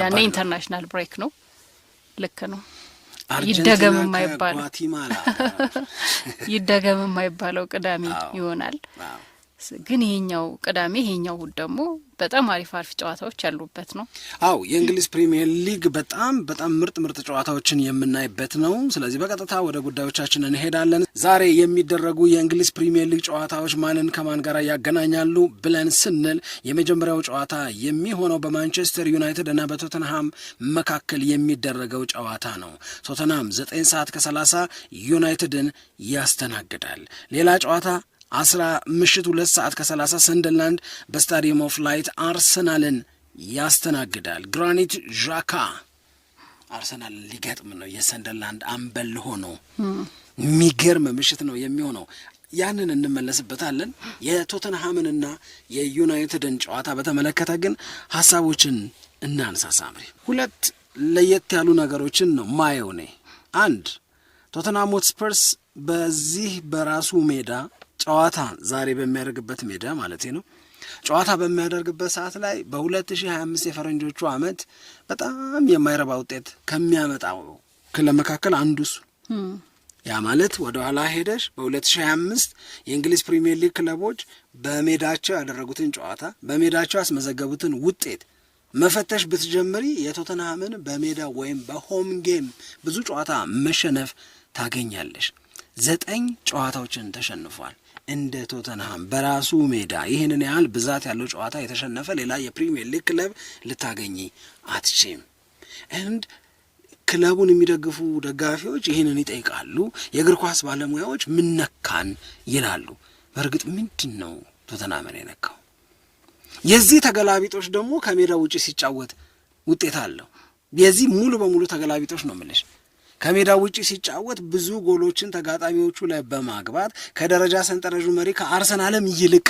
ያኔ ኢንተርናሽናል ብሬክ ነው። ልክ ነው። ይደገም የማይባለው ይደገም የማይባለው ቅዳሜ ይሆናል። ግን ይሄኛው ቅዳሜ ይሄኛው እሁድ ደግሞ በጣም አሪፍ አሪፍ ጨዋታዎች ያሉበት ነው። አው የእንግሊዝ ፕሪሚየር ሊግ በጣም በጣም ምርጥ ምርጥ ጨዋታዎችን የምናይበት ነው። ስለዚህ በቀጥታ ወደ ጉዳዮቻችን እንሄዳለን። ዛሬ የሚደረጉ የእንግሊዝ ፕሪሚየር ሊግ ጨዋታዎች ማንን ከማን ጋር ያገናኛሉ ብለን ስንል የመጀመሪያው ጨዋታ የሚሆነው በማንቸስተር ዩናይትድ እና በቶተንሃም መካከል የሚደረገው ጨዋታ ነው። ቶተንሃም 9 ሰዓት ከሰላሳ 30 ዩናይትድን ያስተናግዳል። ሌላ ጨዋታ አስራ ምሽት ሁለት ሰዓት ከሰላሳ ሰንደርላንድ በስታዲየም ኦፍ ላይት አርሰናልን ያስተናግዳል። ግራኒት ዣካ አርሰናልን ሊገጥም ነው። የሰንደርላንድ አምበል ሆኖ የሚገርም ምሽት ነው የሚሆነው። ያንን እንመለስበታለን። የቶተንሃምንና የዩናይትድን ጨዋታ በተመለከተ ግን ሀሳቦችን እናንሳ። ሳምሪ ሁለት ለየት ያሉ ነገሮችን ነው ማየው ኔ አንድ ቶተንሃም ሆትስፐርስ በዚህ በራሱ ሜዳ ጨዋታ ዛሬ በሚያደርግበት ሜዳ ማለት ነው ጨዋታ በሚያደርግበት ሰዓት ላይ በ2025 የፈረንጆቹ ዓመት በጣም የማይረባ ውጤት ከሚያመጣው ክለብ መካከል አንዱ እሱ ያ ማለት ወደ ኋላ ሄደሽ በ2025 የእንግሊዝ ፕሪምየር ሊግ ክለቦች በሜዳቸው ያደረጉትን ጨዋታ በሜዳቸው ያስመዘገቡትን ውጤት መፈተሽ ብትጀምሪ የቶተንሃምን በሜዳ ወይም በሆም ጌም ብዙ ጨዋታ መሸነፍ ታገኛለሽ። ዘጠኝ ጨዋታዎችን ተሸንፏል። እንደ ቶተንሃም በራሱ ሜዳ ይህንን ያህል ብዛት ያለው ጨዋታ የተሸነፈ ሌላ የፕሪሚየር ሊግ ክለብ ልታገኝ አትችም። እንድ ክለቡን የሚደግፉ ደጋፊዎች ይህንን ይጠይቃሉ። የእግር ኳስ ባለሙያዎች ምን ነካን ይላሉ። በእርግጥ ምንድን ነው ቶተንሃምን የነካው? የዚህ ተገላቢጦች ደግሞ ከሜዳ ውጭ ሲጫወት ውጤት አለው። የዚህ ሙሉ በሙሉ ተገላቢጦች ነው የምልሽ። ከሜዳ ውጪ ሲጫወት ብዙ ጎሎችን ተጋጣሚዎቹ ላይ በማግባት ከደረጃ ሰንጠረዡ መሪ ከአርሰናልም ይልቅ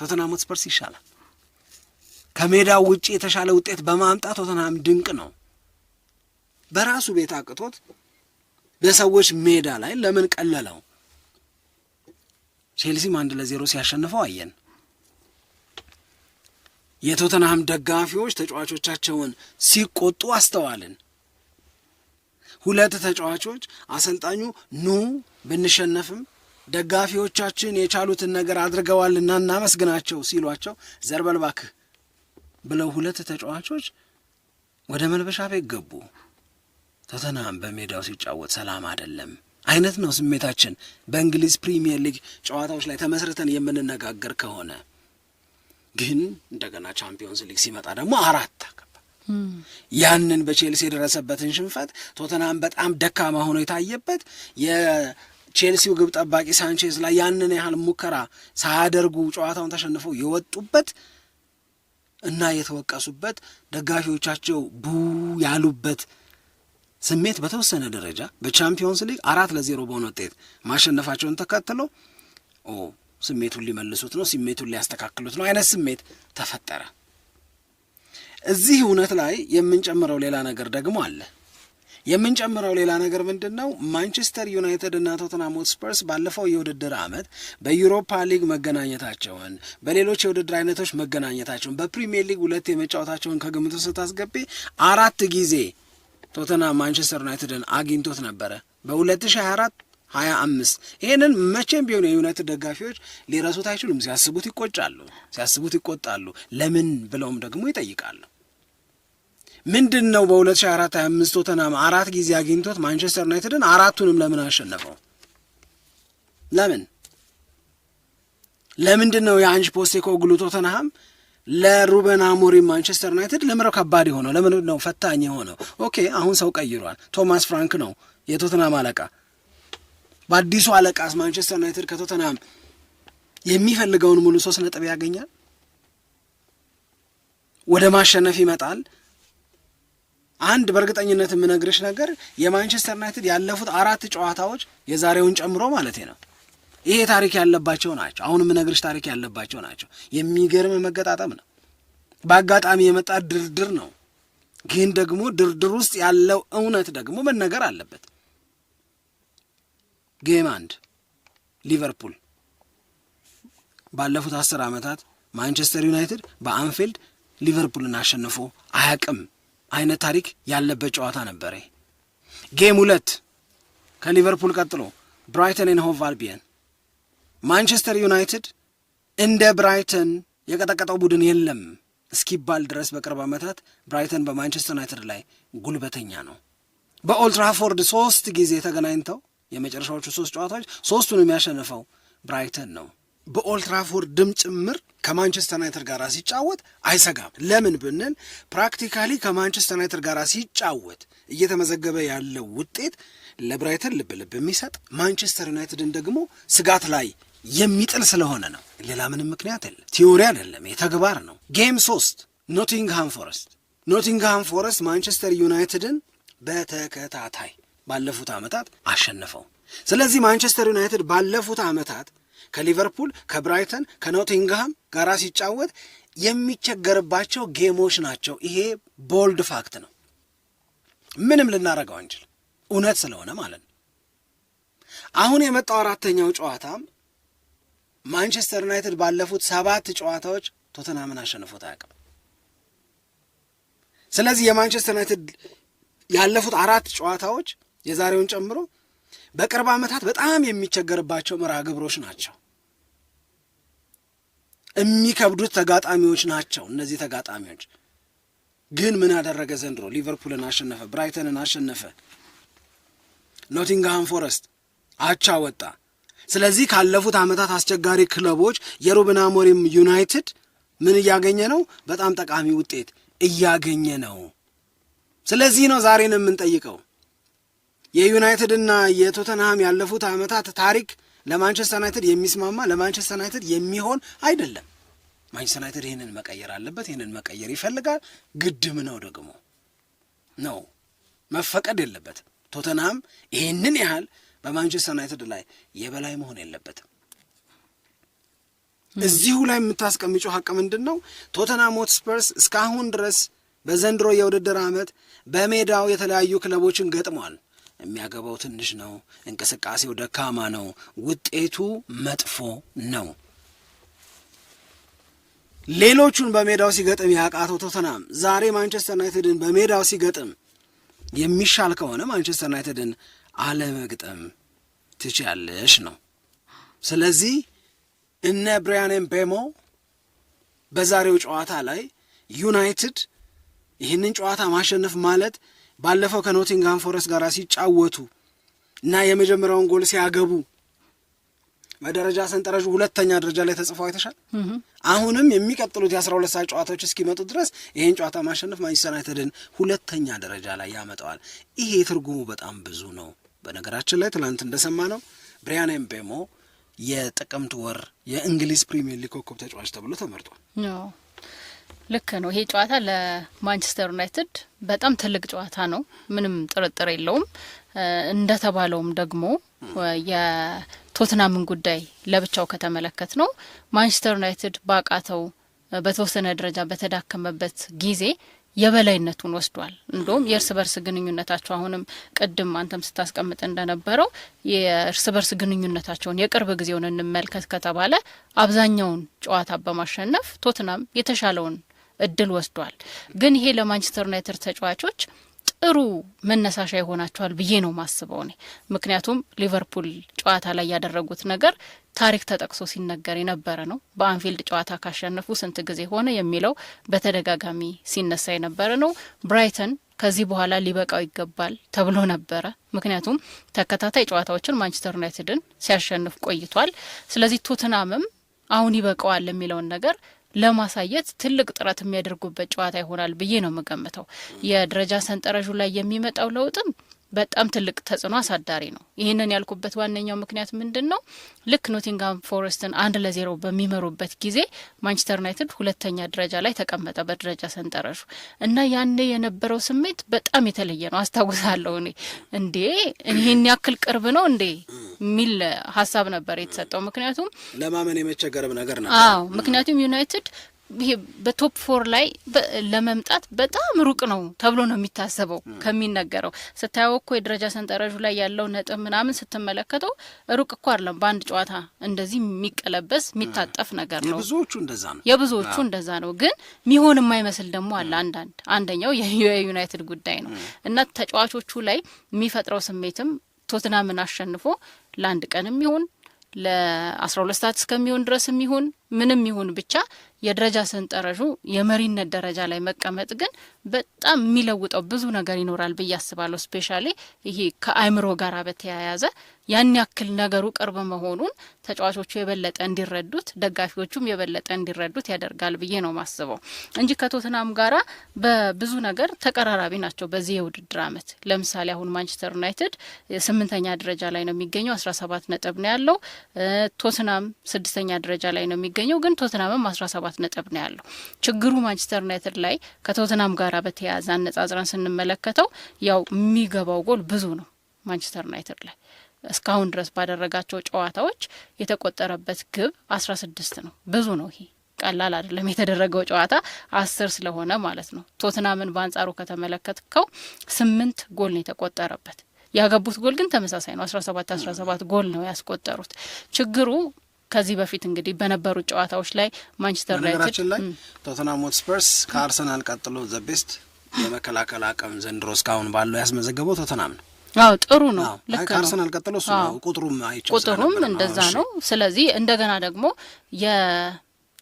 ቶተንሃም ሆትስፐርስ ይሻላል። ከሜዳ ውጪ የተሻለ ውጤት በማምጣት ቶተንሃም ድንቅ ነው። በራሱ ቤት አቅቶት በሰዎች ሜዳ ላይ ለምን ቀለለው? ቼልሲም አንድ ለዜሮ ሲያሸንፈው አየን። የቶተንሃም ደጋፊዎች ተጫዋቾቻቸውን ሲቆጡ አስተዋልን። ሁለት ተጫዋቾች አሰልጣኙ ኑ ብንሸነፍም ደጋፊዎቻችን የቻሉትን ነገር አድርገዋልና እናመስግናቸው ሲሏቸው ዘርበልባክህ ብለው ሁለት ተጫዋቾች ወደ መልበሻ ቤት ገቡ። ቶተናም በሜዳው ሲጫወት ሰላም አይደለም አይነት ነው ስሜታችን። በእንግሊዝ ፕሪሚየር ሊግ ጨዋታዎች ላይ ተመስርተን የምንነጋገር ከሆነ ግን እንደገና ቻምፒዮንስ ሊግ ሲመጣ ደግሞ አራት ያንን በቼልሲ የደረሰበትን ሽንፈት ቶተናም በጣም ደካማ ሆኖ የታየበት የቼልሲው ግብ ጠባቂ ሳንቼዝ ላይ ያንን ያህል ሙከራ ሳያደርጉ ጨዋታውን ተሸንፈው የወጡበት እና የተወቀሱበት ደጋፊዎቻቸው ቡ ያሉበት ስሜት በተወሰነ ደረጃ በቻምፒዮንስ ሊግ አራት ለዜሮ በሆነ ውጤት ማሸነፋቸውን ተከትሎ ስሜቱን ሊመልሱት ነው፣ ስሜቱን ሊያስተካክሉት ነው አይነት ስሜት ተፈጠረ። እዚህ እውነት ላይ የምንጨምረው ሌላ ነገር ደግሞ አለ። የምንጨምረው ሌላ ነገር ምንድን ነው? ማንቸስተር ዩናይትድ እና ቶተንሃም ሆትስፐርስ ባለፈው የውድድር ዓመት በዩሮፓ ሊግ መገናኘታቸውን፣ በሌሎች የውድድር አይነቶች መገናኘታቸውን፣ በፕሪሚየር ሊግ ሁለት የመጫወታቸውን ከግምቱ ስታስገቢ አራት ጊዜ ቶተንሃም ማንቸስተር ዩናይትድን አግኝቶት ነበረ በ2024 ሀያ አምስት ይህንን መቼም ቢሆን የዩናይትድ ደጋፊዎች ሊረሱት አይችሉም። ሲያስቡት ይቆጫሉ፣ ሲያስቡት ይቆጣሉ። ለምን ብለውም ደግሞ ይጠይቃሉ። ምንድን ነው በ2024 25 ቶተናም አራት ጊዜ አግኝቶት ማንቸስተር ዩናይትድን አራቱንም ለምን አሸነፈው? ለምን ለምንድን ነው የአንጅ ግሉ ቶተናሃም ለሩበን አሞሪ ማንቸስተር ዩናይትድ ለምረው ከባድ የሆነው ለምን ነው ፈታኝ የሆነው? ኦኬ አሁን ሰው ቀይሯል። ቶማስ ፍራንክ ነው የቶተናም አለቃ። በአዲሱ አለቃስ ማንቸስተር ዩናይትድ ከቶተናም የሚፈልገውን ሙሉ ሶስት ነጥብ ያገኛል፣ ወደ ማሸነፍ ይመጣል። አንድ በእርግጠኝነት የምነግርሽ ነገር የማንቸስተር ዩናይትድ ያለፉት አራት ጨዋታዎች የዛሬውን ጨምሮ ማለት ነው ይሄ ታሪክ ያለባቸው ናቸው። አሁን የምነግርሽ ታሪክ ያለባቸው ናቸው። የሚገርም መገጣጠም ነው። በአጋጣሚ የመጣ ድርድር ነው። ግን ደግሞ ድርድር ውስጥ ያለው እውነት ደግሞ መነገር አለበት። ጌም አንድ ሊቨርፑል ባለፉት አስር ዓመታት ማንቸስተር ዩናይትድ በአንፊልድ ሊቨርፑልን አሸንፎ አያቅም። አይነት ታሪክ ያለበት ጨዋታ ነበረ። ጌም ሁለት ከሊቨርፑል ቀጥሎ ብራይተን ን ሆቭ አልቢየን። ማንቸስተር ዩናይትድ እንደ ብራይተን የቀጠቀጠው ቡድን የለም እስኪባል ድረስ በቅርብ ዓመታት ብራይተን በማንቸስተር ዩናይትድ ላይ ጉልበተኛ ነው። በኦልትራፎርድ ሶስት ጊዜ ተገናኝተው የመጨረሻዎቹ ሶስት ጨዋታዎች ሶስቱን የሚያሸንፈው ብራይተን ነው። በኦልትራፎርድም ጭምር ከማንቸስተር ዩናይትድ ጋር ሲጫወት አይሰጋም። ለምን ብንል ፕራክቲካሊ ከማንቸስተር ዩናይትድ ጋር ሲጫወት እየተመዘገበ ያለው ውጤት ለብራይተን ልብ ልብ የሚሰጥ ማንቸስተር ዩናይትድን ደግሞ ስጋት ላይ የሚጥል ስለሆነ ነው። ሌላ ምንም ምክንያት የለም። ቲዮሪ አይደለም፣ የተግባር ነው። ጌም ሶስት ኖቲንግሃም ፎረስት። ኖቲንግሃም ፎረስት ማንቸስተር ዩናይትድን በተከታታይ ባለፉት ዓመታት አሸንፈው ስለዚህ ማንቸስተር ዩናይትድ ባለፉት ዓመታት ከሊቨርፑል ከብራይተን ከኖቲንግሃም ጋራ ሲጫወት የሚቸገርባቸው ጌሞች ናቸው። ይሄ ቦልድ ፋክት ነው። ምንም ልናደርገው አንችል፣ እውነት ስለሆነ ማለት ነው። አሁን የመጣው አራተኛው ጨዋታ ማንቸስተር ዩናይትድ ባለፉት ሰባት ጨዋታዎች ቶተናምን አሸንፎት አያውቅም። ስለዚህ የማንቸስተር ዩናይትድ ያለፉት አራት ጨዋታዎች የዛሬውን ጨምሮ በቅርብ ዓመታት በጣም የሚቸገርባቸው መርሃ ግብሮች ናቸው። የሚከብዱት ተጋጣሚዎች ናቸው። እነዚህ ተጋጣሚዎች ግን ምን ያደረገ ዘንድሮ? ሊቨርፑልን አሸነፈ፣ ብራይተንን አሸነፈ፣ ኖቲንግሃም ፎረስት አቻ ወጣ። ስለዚህ ካለፉት ዓመታት አስቸጋሪ ክለቦች የሩበን አሞሪም ዩናይትድ ምን እያገኘ ነው? በጣም ጠቃሚ ውጤት እያገኘ ነው። ስለዚህ ነው ዛሬን የምንጠይቀው የዩናይትድ የቶተንሃም ያለፉት ዓመታት ታሪክ ለማንቸስተር ዩናይትድ የሚስማማ ለማንቸስተር ዩናይትድ የሚሆን አይደለም። ማንቸስተር ዩናይትድ ይህንን መቀየር አለበት። ይህንን መቀየር ይፈልጋል። ግድም ነው ደግሞ ነው መፈቀድ የለበትም። ቶተንሃም ይህንን ያህል በማንቸስተር ዩናይትድ ላይ የበላይ መሆን የለበትም። እዚሁ ላይ የምታስቀምጩ ሀቅ ምንድን ነው? ቶተንሃም ሆትስፐርስ እስካሁን ድረስ በዘንድሮ የውድድር ዓመት በሜዳው የተለያዩ ክለቦችን ገጥሟል። የሚያገባው ትንሽ ነው፣ እንቅስቃሴው ደካማ ነው፣ ውጤቱ መጥፎ ነው። ሌሎቹን በሜዳው ሲገጥም ያቃተው ቶተናም ዛሬ ማንቸስተር ዩናይትድን በሜዳው ሲገጥም የሚሻል ከሆነ ማንቸስተር ዩናይትድን አለመግጠም ትችያለሽ ነው። ስለዚህ እነ ብሪያን ቤሞ በዛሬው ጨዋታ ላይ ዩናይትድ ይህንን ጨዋታ ማሸነፍ ማለት ባለፈው ከኖቲንግሃም ፎረስት ጋር ሲጫወቱ እና የመጀመሪያውን ጎል ሲያገቡ በደረጃ ሰንጠረዥ ሁለተኛ ደረጃ ላይ ተጽፎ አይተሻል። አሁንም የሚቀጥሉት የአስራ ሁለት ሰዓት ጨዋታዎች እስኪመጡ ድረስ ይህን ጨዋታ ማሸነፍ ማንቸስተር ዩናይትድን ሁለተኛ ደረጃ ላይ ያመጣዋል። ይሄ ትርጉሙ በጣም ብዙ ነው። በነገራችን ላይ ትላንት እንደሰማ ነው ብሪያን ኤምቤሞ የጥቅምት ወር የእንግሊዝ ፕሪሚየር ሊግ ኮከብ ተጫዋች ተብሎ ተመርጧል። ልክ ነው። ይሄ ጨዋታ ለማንቸስተር ዩናይትድ በጣም ትልቅ ጨዋታ ነው፣ ምንም ጥርጥር የለውም። እንደተባለውም ደግሞ የቶትናምን ጉዳይ ለብቻው ከተመለከት ነው ማንቸስተር ዩናይትድ ባቃተው በተወሰነ ደረጃ በተዳከመበት ጊዜ የበላይነቱን ወስዷል። እንዲሁም የእርስ በርስ ግንኙነታቸው አሁንም ቅድም አንተም ስታስቀምጥ እንደነበረው የእርስ በርስ ግንኙነታቸውን የቅርብ ጊዜውን እንመልከት ከተባለ አብዛኛውን ጨዋታ በማሸነፍ ቶትናም የተሻለውን እድል ወስዷል። ግን ይሄ ለማንቸስተር ዩናይትድ ተጫዋቾች ጥሩ መነሳሻ ይሆናቸዋል ብዬ ነው ማስበው እኔ። ምክንያቱም ሊቨርፑል ጨዋታ ላይ ያደረጉት ነገር ታሪክ ተጠቅሶ ሲነገር የነበረ ነው። በአንፊልድ ጨዋታ ካሸነፉ ስንት ጊዜ ሆነ የሚለው በተደጋጋሚ ሲነሳ የነበረ ነው። ብራይተን ከዚህ በኋላ ሊበቃው ይገባል ተብሎ ነበረ። ምክንያቱም ተከታታይ ጨዋታዎችን ማንቸስተር ዩናይትድን ሲያሸንፍ ቆይቷል። ስለዚህ ቶትናምም አሁን ይበቃዋል የሚለውን ነገር ለማሳየት ትልቅ ጥረት የሚያደርጉበት ጨዋታ ይሆናል ብዬ ነው የምገምተው። የደረጃ ሰንጠረዡ ላይ የሚመጣው ለውጥም በጣም ትልቅ ተጽዕኖ አሳዳሪ ነው። ይህንን ያልኩበት ዋነኛው ምክንያት ምንድን ነው? ልክ ኖቲንጋም ፎረስትን አንድ ለዜሮ በሚመሩበት ጊዜ ማንቸስተር ዩናይትድ ሁለተኛ ደረጃ ላይ ተቀመጠ በደረጃ ሰንጠረሹ እና ያኔ የነበረው ስሜት በጣም የተለየ ነው። አስታውሳለሁ እኔ እንዴ ይህን ያክል ቅርብ ነው እንዴ የሚል ሀሳብ ነበር የተሰጠው። ምክንያቱም ለማመን የመቸገርም ነገር ነው። አዎ ምክንያቱም ዩናይትድ ይሄ በቶፕ ፎር ላይ ለመምጣት በጣም ሩቅ ነው ተብሎ ነው የሚታሰበው ከሚነገረው። ስታየው እኮ የደረጃ ሰንጠረዡ ላይ ያለው ነጥብ ምናምን ስትመለከተው ሩቅ እኮ አይደለም። በአንድ ጨዋታ እንደዚህ የሚቀለበስ የሚታጠፍ ነገር ነው። የብዙዎቹ እንደዛ ነው። ግን ሚሆን የማይመስል ደግሞ አለ። አንዳንድ አንደኛው የዩናይትድ ጉዳይ ነው እና ተጫዋቾቹ ላይ የሚፈጥረው ስሜትም ቶትናምን አሸንፎ ለአንድ ቀን ይሁን ለአስራ ሁለት ሰዓት እስከሚሆን ድረስ ይሁን ምንም ይሁን ብቻ የደረጃ ሰንጠረዡ የመሪነት ደረጃ ላይ መቀመጥ ግን በጣም የሚለውጠው ብዙ ነገር ይኖራል ብዬ አስባለሁ። ስፔሻሊ ይሄ ከአእምሮ ጋር በተያያዘ ያን ያክል ነገሩ ቅርብ መሆኑን ተጫዋቾቹ የበለጠ እንዲረዱት፣ ደጋፊዎቹም የበለጠ እንዲረዱት ያደርጋል ብዬ ነው ማስበው እንጂ ከቶትናም ጋራ በብዙ ነገር ተቀራራቢ ናቸው። በዚህ የውድድር አመት ለምሳሌ አሁን ማንቸስተር ዩናይትድ ስምንተኛ ደረጃ ላይ ነው የሚገኘው፣ አስራ ሰባት ነጥብ ነው ያለው። ቶትናም ስድስተኛ ደረጃ ላይ ነው የሚገኘው የሚገኘው ግን ቶትናምም አስራ ሰባት ነጥብ ነው ያለው። ችግሩ ማንቸስተር ዩናይትድ ላይ ከቶትናም ጋር በተያያዘ አነጻጽረን ስንመለከተው ያው የሚገባው ጎል ብዙ ነው ማንቸስተር ዩናይትድ ላይ እስካሁን ድረስ ባደረጋቸው ጨዋታዎች የተቆጠረበት ግብ አስራ ስድስት ነው። ብዙ ነው ይሄ ቀላል አይደለም። የተደረገው ጨዋታ አስር ስለሆነ ማለት ነው። ቶትናምን በአንጻሩ ከተመለከትከው ስምንት ጎል ነው የተቆጠረበት። ያገቡት ጎል ግን ተመሳሳይ ነው። አስራ ሰባት አስራ ሰባት ጎል ነው ያስቆጠሩት ችግሩ ከዚህ በፊት እንግዲህ በነበሩ ጨዋታዎች ላይ ማንቸስተር ዩናይትድ ላይ ቶተናም ሆትስፐርስ ከአርሰናል ቀጥሎ ዘ ቤስት የመከላከል አቅም ዘንድሮ እስካሁን ባለው ያስመዘገበው ቶተናም ነው። አዎ ጥሩ ነው። ልክ ቀጥሎ ቁጥሩም አይቻ ቁጥሩም እንደዛ ነው። ስለዚህ እንደገና ደግሞ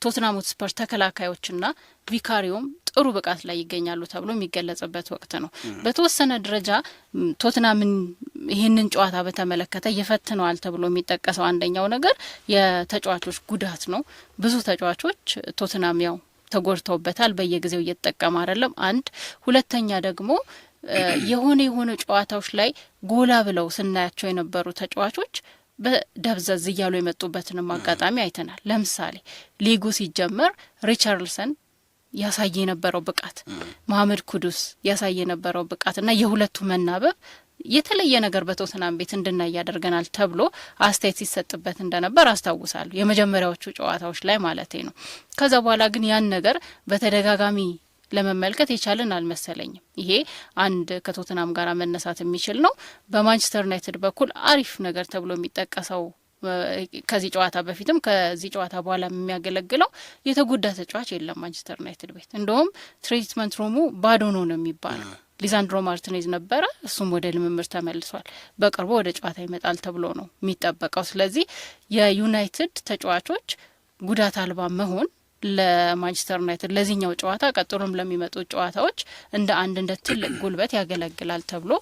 ቶትናም ሆትስፐርስ ተከላካዮችና ቪካሪዮም ጥሩ ብቃት ላይ ይገኛሉ ተብሎ የሚገለጽበት ወቅት ነው። በተወሰነ ደረጃ ቶትናምን ይህንን ጨዋታ በተመለከተ ይፈትነዋል ተብሎ የሚጠቀሰው አንደኛው ነገር የተጫዋቾች ጉዳት ነው። ብዙ ተጫዋቾች ቶትናም ያው ተጎድተውበታል። በየጊዜው እየተጠቀመ አይደለም። አንድ ሁለተኛ ደግሞ የሆነ የሆነ ጨዋታዎች ላይ ጎላ ብለው ስናያቸው የነበሩ ተጫዋቾች በደብዘዝ እያሉ የመጡበትንም አጋጣሚ አይተናል። ለምሳሌ ሊጉ ሲጀመር ሪቻርልሰን ያሳየ የነበረው ብቃት፣ መሀመድ ኩዱስ ያሳየ የነበረው ብቃት እና የሁለቱ መናበብ የተለየ ነገር በቶትናም ቤት እንድናይ ያደርገናል ተብሎ አስተያየት ሲሰጥበት እንደነበር አስታውሳለሁ። የመጀመሪያዎቹ ጨዋታዎች ላይ ማለት ነው። ከዛ በኋላ ግን ያን ነገር በተደጋጋሚ ለመመልከት የቻለን አልመሰለኝም። ይሄ አንድ ከቶትናም ጋር መነሳት የሚችል ነው። በማንቸስተር ዩናይትድ በኩል አሪፍ ነገር ተብሎ የሚጠቀሰው ከዚህ ጨዋታ በፊትም ከዚህ ጨዋታ በኋላ የሚያገለግለው የተጎዳ ተጫዋች የለም ማንቸስተር ዩናይትድ ቤት። እንደውም ትሬትመንት ሮሙ ባዶ ነው ነው የሚባለው። ሊዛንድሮ ማርቲኔዝ ነበረ፣ እሱም ወደ ልምምድ ተመልሷል። በቅርቡ ወደ ጨዋታ ይመጣል ተብሎ ነው የሚጠበቀው። ስለዚህ የዩናይትድ ተጫዋቾች ጉዳት አልባ መሆን ለማንቸስተር ዩናይትድ ለዚህኛው ጨዋታ ቀጥሎም ለሚመጡ ጨዋታዎች እንደ አንድ እንደ ትልቅ ጉልበት ያገለግላል ተብሎ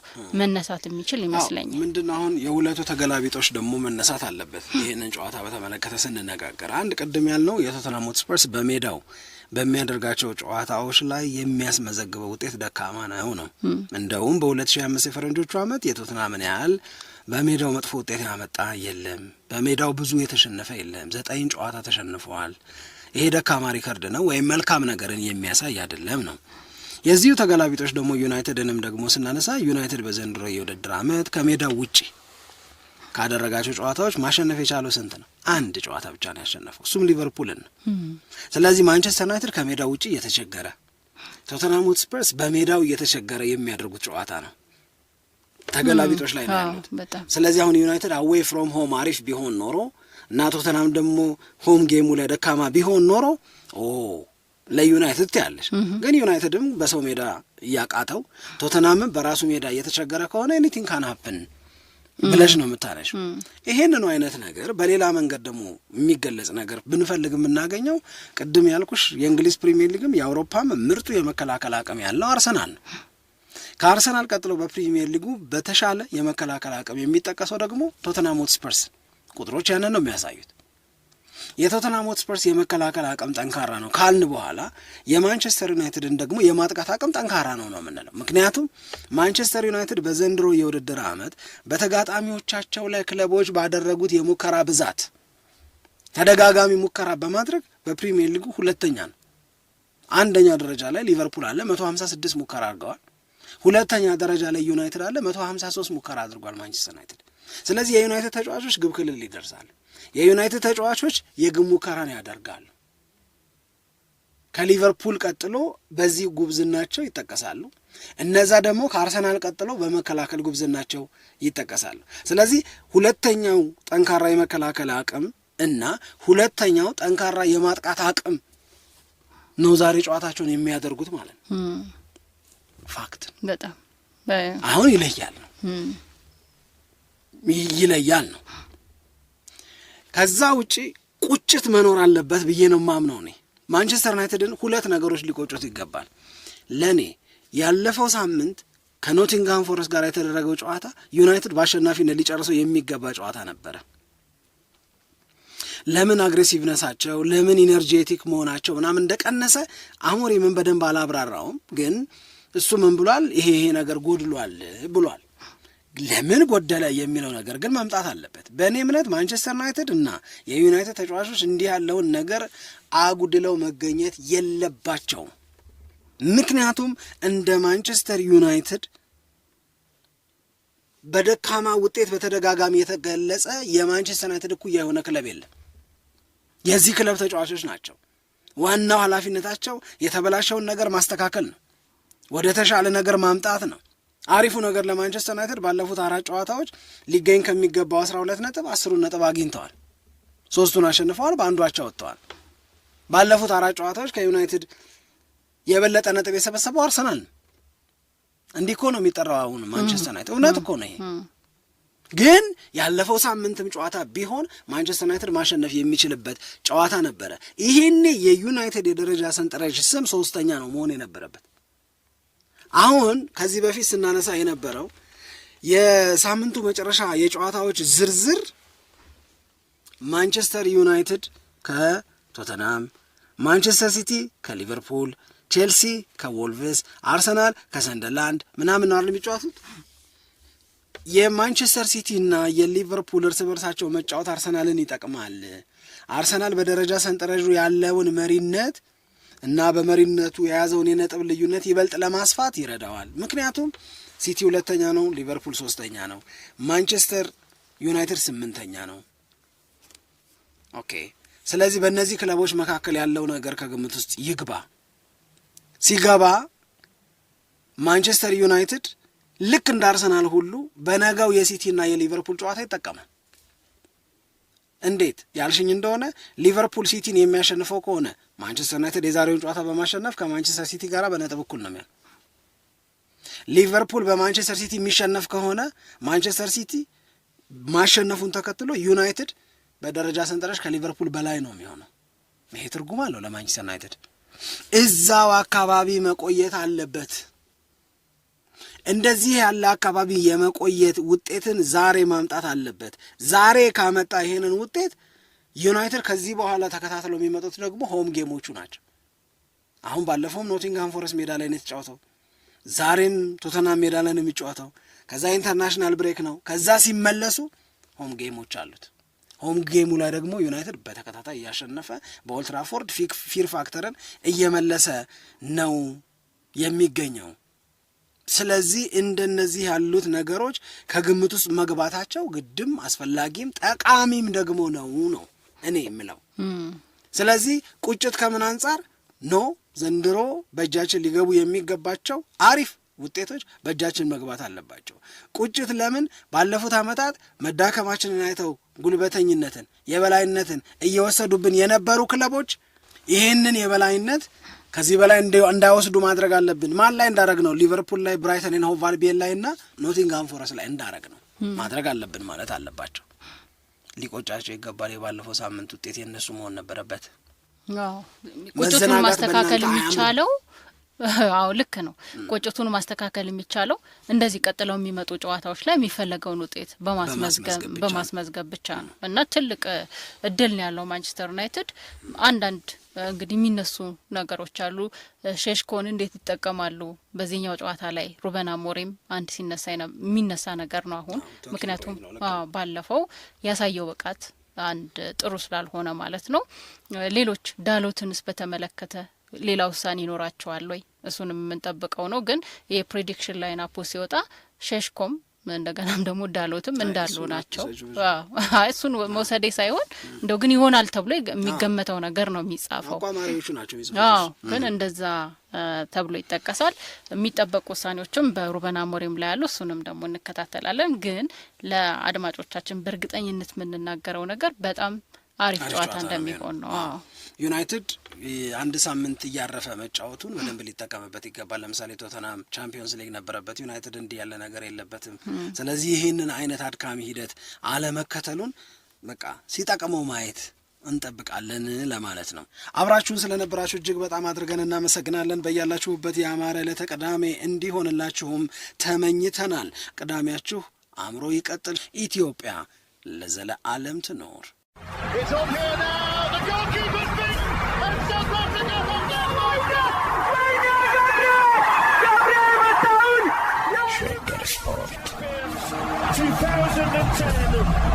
መነሳት የሚችል ይመስለኛል። ምንድን ነው አሁን የሁለቱ ተገላቢጦች ደግሞ መነሳት አለበት። ይህንን ጨዋታ በተመለከተ ስንነጋገር አንድ ቅድም ያልነው የቶተንሃም ሆትስፐርስ በሜዳው በሚያደርጋቸው ጨዋታዎች ላይ የሚያስመዘግበው ውጤት ደካማ ነው ነው እንደውም በ2005 የፈረንጆቹ ዓመት የቶትናምን ያህል በሜዳው መጥፎ ውጤት ያመጣ የለም። በሜዳው ብዙ የተሸነፈ የለም። ዘጠኝ ጨዋታ ተሸንፈዋል። ይሄ ደካማ ሪከርድ ነው ወይም መልካም ነገርን የሚያሳይ አይደለም ነው። የዚሁ ተገላቢጦች ደግሞ ዩናይትድንም ደግሞ ስናነሳ ዩናይትድ በዘንድሮ የውድድር ዓመት ከሜዳው ውጪ ካደረጋቸው ጨዋታዎች ማሸነፍ የቻለው ስንት ነው? አንድ ጨዋታ ብቻ ነው ያሸነፈው፣ እሱም ሊቨርፑልን ነው። ስለዚህ ማንቸስተር ዩናይትድ ከሜዳው ውጪ እየተቸገረ፣ ቶተንሃም ሆትስፐርስ በሜዳው እየተቸገረ የሚያደርጉት ጨዋታ ነው። ተገላቢጦች ላይ ነው ያሉት። ስለዚህ አሁን ዩናይትድ አዌይ ፍሮም ሆም አሪፍ ቢሆን ኖሮ እና ቶተናም ደግሞ ሆም ጌሙ ላይ ደካማ ቢሆን ኖሮ ኦ ለዩናይትድ ትያለሽ። ግን ዩናይትድም በሰው ሜዳ እያቃተው ቶተናምም በራሱ ሜዳ እየተቸገረ ከሆነ ኤኒቲንግ ካን ሀፕን ብለሽ ነው የምታለሽ። ይሄንኑ አይነት ነገር በሌላ መንገድ ደግሞ የሚገለጽ ነገር ብንፈልግ የምናገኘው ቅድም ያልኩሽ የእንግሊዝ ፕሪሚየር ሊግም የአውሮፓም ምርጡ የመከላከል አቅም ያለው አርሰናል ነው። ከአርሰናል ቀጥሎ በፕሪሚየር ሊጉ በተሻለ የመከላከል አቅም የሚጠቀሰው ደግሞ ቶተንሃም ሆትስፐርስ ቁጥሮች ያንን ነው የሚያሳዩት። የቶተናም ሆትስፐርስ የመከላከል አቅም ጠንካራ ነው ካልን በኋላ የማንቸስተር ዩናይትድን ደግሞ የማጥቃት አቅም ጠንካራ ነው ነው የምንለው። ምክንያቱም ማንቸስተር ዩናይትድ በዘንድሮ የውድድር ዓመት በተጋጣሚዎቻቸው ላይ ክለቦች ባደረጉት የሙከራ ብዛት ተደጋጋሚ ሙከራ በማድረግ በፕሪሚየር ሊጉ ሁለተኛ ነው። አንደኛ ደረጃ ላይ ሊቨርፑል አለ፣ 156 ሙከራ አድርገዋል። ሁለተኛ ደረጃ ላይ ዩናይትድ አለ፣ 153 ሙከራ አድርጓል ማንቸስተር ዩናይትድ ስለዚህ የዩናይትድ ተጫዋቾች ግብ ክልል ይደርሳሉ። የዩናይትድ ተጫዋቾች የግብ ሙከራን ያደርጋሉ። ከሊቨርፑል ቀጥሎ በዚህ ጉብዝናቸው ይጠቀሳሉ። እነዛ ደግሞ ከአርሰናል ቀጥሎ በመከላከል ጉብዝናቸው ይጠቀሳሉ። ስለዚህ ሁለተኛው ጠንካራ የመከላከል አቅም እና ሁለተኛው ጠንካራ የማጥቃት አቅም ነው ዛሬ ጨዋታቸውን የሚያደርጉት ማለት ነው። ፋክት በጣም አሁን ይለያል ነው ይለያል ነው። ከዛ ውጪ ቁጭት መኖር አለበት ብዬ ነው ማምነው። እኔ ማንቸስተር ዩናይትድን ሁለት ነገሮች ሊቆጩት ይገባል። ለእኔ ያለፈው ሳምንት ከኖቲንግሃም ፎረስት ጋር የተደረገው ጨዋታ ዩናይትድ በአሸናፊነት ሊጨርሰው የሚገባ ጨዋታ ነበረ። ለምን አግሬሲቭነሳቸው ለምን ኢነርጄቲክ መሆናቸው ምናምን እንደቀነሰ አሞሪምን በደንብ አላብራራውም፣ ግን እሱ ምን ብሏል? ይሄ ይሄ ነገር ጎድሏል ብሏል። ለምን ጎደለ የሚለው ነገር ግን መምጣት አለበት። በእኔ እምነት ማንቸስተር ዩናይትድ እና የዩናይትድ ተጫዋቾች እንዲህ ያለውን ነገር አጉድለው መገኘት የለባቸውም። ምክንያቱም እንደ ማንቸስተር ዩናይትድ በደካማ ውጤት በተደጋጋሚ የተገለጸ የማንቸስተር ዩናይትድ እኩያ የሆነ ክለብ የለም። የዚህ ክለብ ተጫዋቾች ናቸው። ዋናው ኃላፊነታቸው የተበላሸውን ነገር ማስተካከል ነው፣ ወደ ተሻለ ነገር ማምጣት ነው። አሪፉ ነገር ለማንቸስተር ዩናይትድ ባለፉት አራት ጨዋታዎች ሊገኝ ከሚገባው አስራ ሁለት ነጥብ አስሩን ነጥብ አግኝተዋል። ሶስቱን አሸንፈዋል፣ በአንዱ አቻ ወጥተዋል። ባለፉት አራት ጨዋታዎች ከዩናይትድ የበለጠ ነጥብ የሰበሰበው አርሰናል ነው። እንዲህ እኮ ነው የሚጠራው አሁን ማንቸስተር ዩናይትድ። እውነት እኮ ነው ይሄ። ግን ያለፈው ሳምንትም ጨዋታ ቢሆን ማንቸስተር ዩናይትድ ማሸነፍ የሚችልበት ጨዋታ ነበረ። ይሄኔ የዩናይትድ የደረጃ ሰንጠረዥ ስም ሶስተኛ ነው መሆን የነበረበት። አሁን ከዚህ በፊት ስናነሳ የነበረው የሳምንቱ መጨረሻ የጨዋታዎች ዝርዝር ማንቸስተር ዩናይትድ ከቶተናም፣ ማንቸስተር ሲቲ ከሊቨርፑል፣ ቼልሲ ከወልቭስ፣ አርሰናል ከሰንደርላንድ ምናምን ነው የሚጫወቱት። የማንቸስተር ሲቲ እና የሊቨርፑል እርስ በርሳቸው መጫወት አርሰናልን ይጠቅማል። አርሰናል በደረጃ ሰንጠረዡ ያለውን መሪነት እና በመሪነቱ የያዘውን የነጥብ ልዩነት ይበልጥ ለማስፋት ይረዳዋል። ምክንያቱም ሲቲ ሁለተኛ ነው፣ ሊቨርፑል ሶስተኛ ነው፣ ማንቸስተር ዩናይትድ ስምንተኛ ነው። ኦኬ። ስለዚህ በእነዚህ ክለቦች መካከል ያለው ነገር ከግምት ውስጥ ይግባ። ሲገባ ማንቸስተር ዩናይትድ ልክ እንደ አርሰናል ሁሉ በነገው የሲቲ እና የሊቨርፑል ጨዋታ ይጠቀማል። እንዴት ያልሽኝ እንደሆነ ሊቨርፑል ሲቲን የሚያሸንፈው ከሆነ ማንቸስተር ዩናይትድ የዛሬውን ጨዋታ በማሸነፍ ከማንቸስተር ሲቲ ጋር በነጥብ እኩል ነው የሚሆን። ሊቨርፑል በማንቸስተር ሲቲ የሚሸነፍ ከሆነ ማንቸስተር ሲቲ ማሸነፉን ተከትሎ ዩናይትድ በደረጃ ሰንጠረዥ ከሊቨርፑል በላይ ነው የሚሆነው። ይሄ ትርጉም አለው ለማንቸስተር ዩናይትድ እዛው አካባቢ መቆየት አለበት። እንደዚህ ያለ አካባቢ የመቆየት ውጤትን ዛሬ ማምጣት አለበት። ዛሬ ካመጣ ይሄንን ውጤት ዩናይትድ ከዚህ በኋላ ተከታትለው የሚመጡት ደግሞ ሆም ጌሞቹ ናቸው። አሁን ባለፈውም ኖቲንግሃም ፎረስት ሜዳ ላይ ነው የተጫወተው። ዛሬም ቶተናም ሜዳ ላይ ነው የሚጫወተው። ከዛ ኢንተርናሽናል ብሬክ ነው። ከዛ ሲመለሱ ሆም ጌሞች አሉት። ሆም ጌሙ ላይ ደግሞ ዩናይትድ በተከታታይ እያሸነፈ በኦልትራፎርድ ፊር ፋክተርን እየመለሰ ነው የሚገኘው። ስለዚህ እንደነዚህ ያሉት ነገሮች ከግምት ውስጥ መግባታቸው ግድም አስፈላጊም ጠቃሚም ደግሞ ነው ነው እኔ የምለው። ስለዚህ ቁጭት ከምን አንጻር ኖ ዘንድሮ በእጃችን ሊገቡ የሚገባቸው አሪፍ ውጤቶች በእጃችን መግባት አለባቸው። ቁጭት ለምን? ባለፉት ዓመታት መዳከማችንን አይተው ጉልበተኝነትን፣ የበላይነትን እየወሰዱብን የነበሩ ክለቦች ይህንን የበላይነት ከዚህ በላይ እንዳይወስዱ ማድረግ አለብን። ማን ላይ እንዳረግ ነው? ሊቨርፑል ላይ፣ ብራይተን ኤንድ ሆቭ አልቢዮን ላይ እና ኖቲንግሃም ፎረስት ላይ እንዳረግ ነው ማድረግ አለብን ማለት አለባቸው። ሊቆጫቸው ይገባል። የባለፈው ሳምንት ውጤት የእነሱ መሆን ነበረበት። ቁጭቱን ማስተካከል የሚቻለው አዎ ልክ ነው። ቁጭቱን ማስተካከል የሚቻለው እንደዚህ ቀጥለው የሚመጡ ጨዋታዎች ላይ የሚፈለገውን ውጤት በማስመዝገብ ብቻ ነው እና ትልቅ እድል ነው ያለው ማንቸስተር ዩናይትድ አንዳንድ እንግዲህ የሚነሱ ነገሮች አሉ። ሼሽኮን እንዴት ይጠቀማሉ በዚህኛው ጨዋታ ላይ? ሩበን አሞሪም አንድ ሲነሳ የሚነሳ ነገር ነው አሁን ምክንያቱም ባለፈው ያሳየው ብቃት አንድ ጥሩ ስላልሆነ ማለት ነው። ሌሎች ዳሎትንስ በተመለከተ ሌላ ውሳኔ ይኖራቸዋል ወይ? እሱንም የምንጠብቀው ነው። ግን የፕሬዲክሽን ላይን አፑ ሲወጣ ሼሽኮም እንደገናም ደግሞ እንዳሉትም እንዳሉ ናቸው። እሱን መውሰዴ ሳይሆን እንደው ግን ይሆናል ተብሎ የሚገመተው ነገር ነው የሚጻፈው። ግን እንደዛ ተብሎ ይጠቀሳል። የሚጠበቁ ውሳኔዎችም በሩበን አሞሪም ላይ ያሉ፣ እሱንም ደግሞ እንከታተላለን። ግን ለአድማጮቻችን በእርግጠኝነት የምንናገረው ነገር በጣም አሪፍ ጨዋታ እንደሚሆን ነው። ዩናይትድ አንድ ሳምንት እያረፈ መጫወቱን በደንብ ሊጠቀምበት ይገባል። ለምሳሌ ቶተናም ቻምፒዮንስ ሊግ ነበረበት፣ ዩናይትድ እንዲህ ያለ ነገር የለበትም። ስለዚህ ይህንን አይነት አድካሚ ሂደት አለመከተሉን በቃ ሲጠቅመው ማየት እንጠብቃለን ለማለት ነው። አብራችሁን ስለነበራችሁ እጅግ በጣም አድርገን እናመሰግናለን። በያላችሁበት የአማረ ዕለተ ቅዳሜ እንዲሆንላችሁም ተመኝተናል። ቅዳሜያችሁ አእምሮ ይቀጥል። ኢትዮጵያ ለዘለዓለም ትኖር። It's on here now. The goalkeeper's beaten, and South Africa have done Gabriel Gabriel Gabriel 2010.